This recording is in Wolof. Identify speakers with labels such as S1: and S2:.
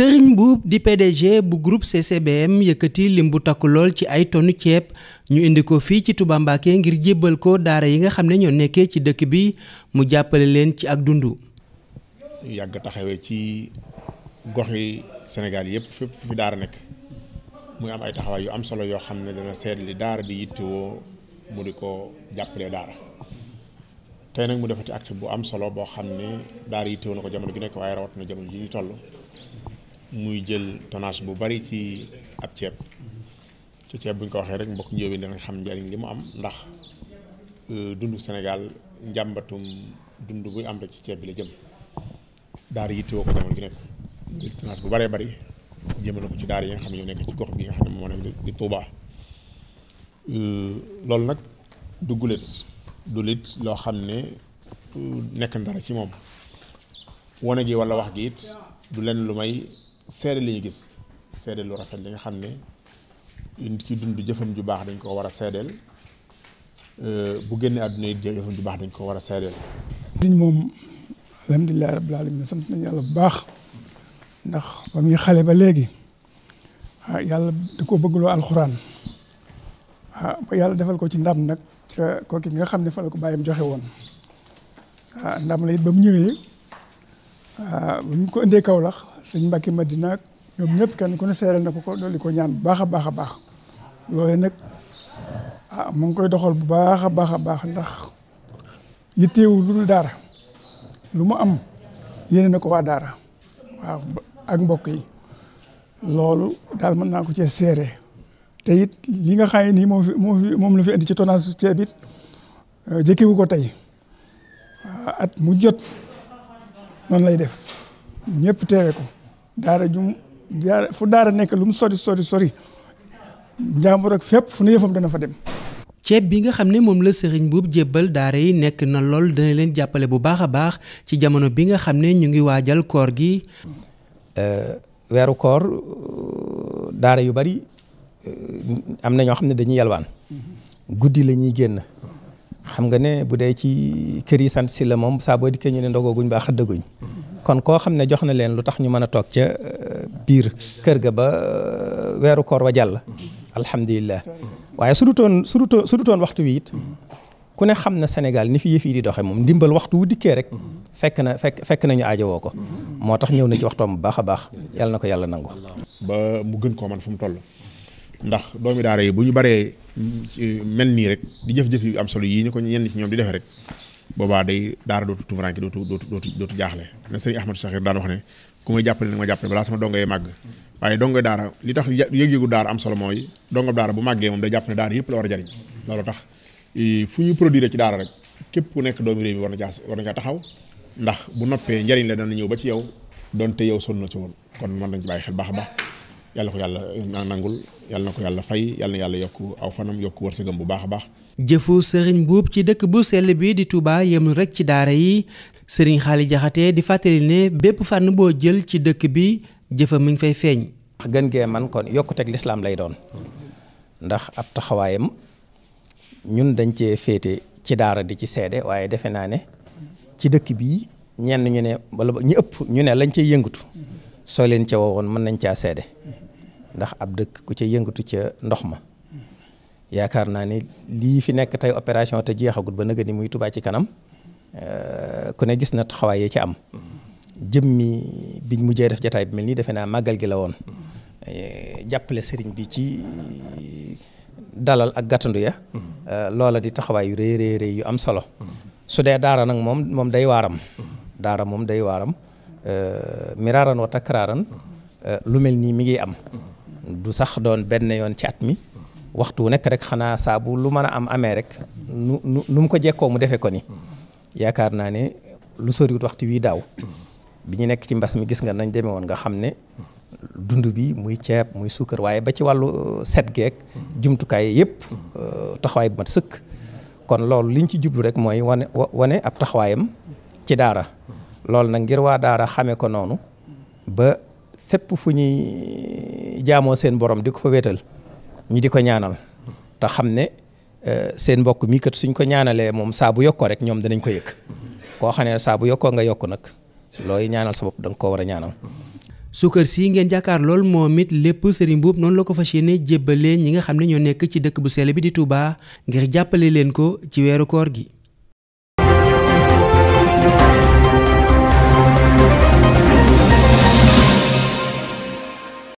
S1: Serigne Mboup di PDG bu groupe CCBM yëkkati lim bu takk lool ci ay tonu ceeb ñu indi ko fii ci Touba ngir jébbal ko daara yi nga xam ne ñoo nekkee ci dëkk bi mu jàppale leen ci ak dundu.
S2: yàgg taxawee ci gox yi Sénégal yëpp fépp fi daara nekk muy am ay taxawaay yu am solo yoo xam ne dana seet li daara bi yittewoo mu di ko jàppalee daara tey nag mu defati acte bu am solo boo xam ne daara yittewoo na ko jamono ju nekk waaye rawat na jamono ji ñu toll. muy jël tonnage bu bari ci ab ceeb ci ceeb bu ñu ko waxee rek mbokk njóobeen danañ xam njariñ li mu am ndax euh, dundu Sénégal njàmbatum dund buy am rek ci ceeb bi la jëm daara yittewoo ko jamono ju nekk jël tonnage bu baree bari jëmale ko ci daar yi nga xam ne ñoo nekk ci gox bi nga xam ne moo nekk di Touba euh, loolu nag du gulet du lit loo xam ne nekk na ci moom wone gi walla wax gi it du lenn lu may seede la ñu gis seede lu rafet li nga xam ne ci ki dund jëfam ju baax dañ koo war a seedeel bu génnee àdduna yi jëfam ju baax dañ ko war a seedeel euh,
S3: diñ moom alhamdulilahi rabbil alamin sant nañu yàlla bu baax ndax ba muy xale ba léegi ah yàlla da ko bëggloo alxuraan ah ba yàlla defal ko ci ndam nag ca kooki nga xam ne fa la ko bàyyam joxe woon ah la it ba mu ñëwee Ah, bu ñu ko indee Kaolack sëñ Mbacke Madina ñoom ñëpp kenn ku ne seeral na ko ko dolli ko ñaan bu baax baax a baax loolu nag ah mu ngi koy doxal bu baax a baax a baax ndax yitteewu lu dul daara lu mu am yéene na ko waa daara waaw ak mbokk yi loolu daal mën naa ko cee seere te it li nga xam ne nii moom moom fi la fi indi ci tonnage su ceeb it ah, jëkkewu ko tey ah, at mu jot. noonu lay def ñëpp teewe ko daara jum daara fu daara nekk lu mu sori sori sori
S1: njàmbur ak fépp fu ne yëfam dana fa dem. ceeb bi nga xam ne moom la sëriñ buub jébbal daara yi nekk na lool dana leen jàppale bu baax a baax ci jamono bi nga xam ne ñu ngi waajal koor gi. Euh, weeru koor euh, daara yu bari
S4: euh, am na ñoo xam ne dañuy yalwaan mhm. guddi la ñuy génn. xam nga ne bu dee ci kër yi sant si la moom saaboo dikkee ñu ne ndogooguñ baa xëddaguñ kon koo xam ne jox na leen lu tax ñu mën a toog ca euh, biir kër ga ba euh, weeru koor wa jàll alhamdulilah waaye su dutoon su dutoon su waxtu wi it ku ne xam na senegal ni fi yëf yi di doxe moom ndimbal waxtu wu dikkee rek fekk na fekk fekk nañu aajowoo ko moo tax ñëw na ci waxtoom bu baax a baax yàlla na ko yàlla nangu. ba mu gën koo man fu mu toll
S2: ndax doomi daara yi bu ñu baree mel nii rek di jëf-jëf yu am solo yii ñu ko ñenn ci ñoom di defee rek boobaa day daara dootu tumuranke dootu dootu dootu dootu jaaxle na sëriñ Ahmadou Sakhir daan wax ne ku may jàppale nag ma jàppale balaa sama dongoy màgg waaye dongoy daara li tax yëg-yëgu daara am solo mooy dongob daara bu màggee moom day jàpp ne daara yëpp la war a jariñ loolu tax fu ñu produire ci daara rek képp ku nekk doomi réew mi war na caa war na caa taxaw ndax bu noppee njariñ la dana ñëw ba ci yow donte yow sonn na ci woon kon mën nañ ci bàyyi xel baax yàlla ko yàlla na nangul yàlla ko yàlla fay yàlla na yàlla yokk aw fanam yokk wërsëgam bu baax baax.
S1: jëfu sëriñ buub ci dëkk bu sell bii di Touba yemul rek ci daara yi sëriñ Xaali Jaxate di fàttali ne bépp fànn boo jël ci dëkk bi jëfa mi ngi fay feeñ.
S4: gën gee man kon yokkuteeg lislaam lay doon ndax ab taxawaayam ñun dañ cee féete ci daara di ci seede waaye defe naa ne ci dëkk bii ñenn ñu ne wala ñu ëpp ñu ne lañ cey yëngatu. soo leen ca woowoon mën nañ caa seede ndax ab dëkk ku ca yëngatu ca ndox ma yaakaar naa ni lii fi nekk tey opération te jeexagut ba nëgë ni muy Touba ci kanam euh, ku ne gis na taxawaay yi ci am jëmmi biñ mujjee def jataay bi mel nii defe naa màggal gi la woon euh, jàppale sëriñ bi ci dalal ak gàttandu ya euh, loola di taxawaay yu rëy rëy yu am solo su dee daara nag moom moom day waaram daara moom day waaram Euh, miraaran wa takraaran euh, lu mel nii mi ngi am du sax doon benn yoon ci at mi waxtu wu nekk rek xanaa saabu lu mën a am amee rek nu nu mu ko jekkoo mu defee ko ni yaakaar naa ne lu soriwut waxtu wii daaw bi ñu nekk ci mbas mi gis nga nañ demee woon nga xam ne dund bi muy ceeb muy suukar waaye ba ci wàllu euh, set geek jumtukaay yëpp taxawaay bu mat sëkk kon loolu liñ ci jublu rek mooy wane wane ab taxawaayam ci daara loolu nag ngir waa daara xamee ko noonu ba fépp fu ñuy jaamoo seen borom di ko fa wetal ñi di ko ñaanal te xam ne euh, seen mbokk mii kat suñ ko ñaanalee moom saabu bu yokkoo rek ñoom danañ ko yëg koo xam ne saa bu yokkoo nga yokk nag looy ñaanal sa bopp da nga war a ñaanal.
S1: sukkër sii ngeen jàkkaar lool moom it lépp sëriñ Mbuub noonu la ko fas yéene jébbalee ñi nga xam ne ñoo nekk ci dëkk bu sell bi di Touba ngir jàppale leen ko ci weeru koor gi.